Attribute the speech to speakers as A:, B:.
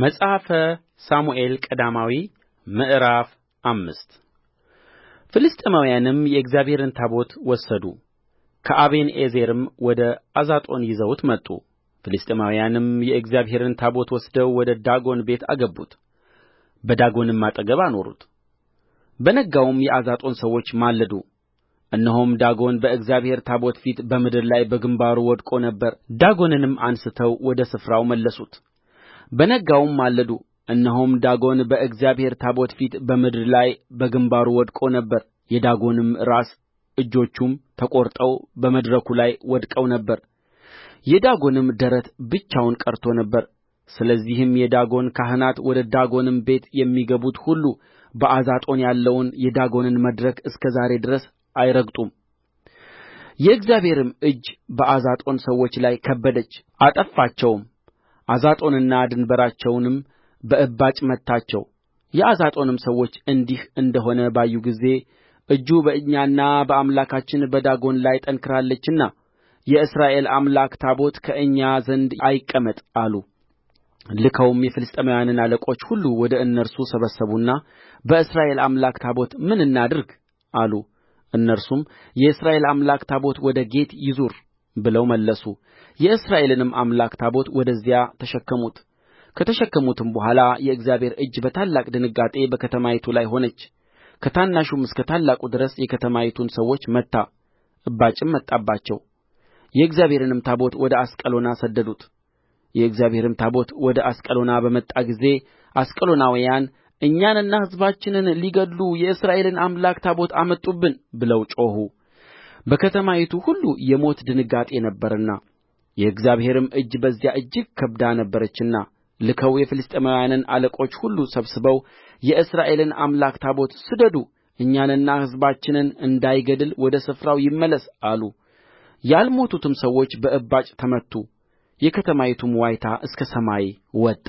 A: መጽሐፈ ሳሙኤል ቀዳማዊ ምዕራፍ አምስት ፍልስጥኤማውያንም የእግዚአብሔርን ታቦት ወሰዱ፣ ከአቤንኤዘርም ወደ አዛጦን ይዘውት መጡ። ፍልስጥኤማውያንም የእግዚአብሔርን ታቦት ወስደው ወደ ዳጎን ቤት አገቡት፣ በዳጎንም አጠገብ አኖሩት። በነጋውም የአዛጦን ሰዎች ማለዱ፣ እነሆም ዳጎን በእግዚአብሔር ታቦት ፊት በምድር ላይ በግንባሩ ወድቆ ነበር። ዳጎንንም አንሥተው ወደ ስፍራው መለሱት። በነጋውም ማለዱ እነሆም ዳጎን በእግዚአብሔር ታቦት ፊት በምድር ላይ በግምባሩ ወድቆ ነበር የዳጎንም ራስ እጆቹም ተቈርጠው በመድረኩ ላይ ወድቀው ነበር የዳጎንም ደረት ብቻውን ቀርቶ ነበር ስለዚህም የዳጎን ካህናት ወደ ዳጎንም ቤት የሚገቡት ሁሉ በአዛጦን ያለውን የዳጎንን መድረክ እስከ ዛሬ ድረስ አይረግጡም የእግዚአብሔርም እጅ በአዛጦን ሰዎች ላይ ከበደች አጠፋቸውም አዛጦንና ድንበራቸውንም በእባጭ መታቸው የአዛጦንም ሰዎች እንዲህ እንደ ሆነ ባዩ ጊዜ እጁ በእኛና በአምላካችን በዳጎን ላይ ጠንክራለችና የእስራኤል አምላክ ታቦት ከእኛ ዘንድ አይቀመጥ አሉ ልከውም የፍልስጥኤማውያንን አለቆች ሁሉ ወደ እነርሱ ሰበሰቡና በእስራኤል አምላክ ታቦት ምን እናድርግ አሉ እነርሱም የእስራኤል አምላክ ታቦት ወደ ጌት ይዙር ብለው መለሱ የእስራኤልንም አምላክ ታቦት ወደዚያ ተሸከሙት ከተሸከሙትም በኋላ የእግዚአብሔር እጅ በታላቅ ድንጋጤ በከተማይቱ ላይ ሆነች ከታናሹም እስከ ታላቁ ድረስ የከተማይቱን ሰዎች መታ እባጭም መጣባቸው የእግዚአብሔርንም ታቦት ወደ አስቀሎና ሰደዱት የእግዚአብሔርም ታቦት ወደ አስቀሎና በመጣ ጊዜ አስቀሎናውያን እኛንና ሕዝባችንን ሊገድሉ የእስራኤልን አምላክ ታቦት አመጡብን ብለው ጮኹ በከተማይቱ ሁሉ የሞት ድንጋጤ ነበረና። የእግዚአብሔርም እጅ በዚያ እጅግ ከብዳ ነበረችና ልከው የፍልስጥኤማውያንን አለቆች ሁሉ ሰብስበው የእስራኤልን አምላክ ታቦት ስደዱ እኛንና ሕዝባችንን እንዳይገድል ወደ ስፍራው ይመለስ አሉ ያልሞቱትም ሰዎች በእባጭ ተመቱ የከተማይቱም ዋይታ እስከ ሰማይ ወጣ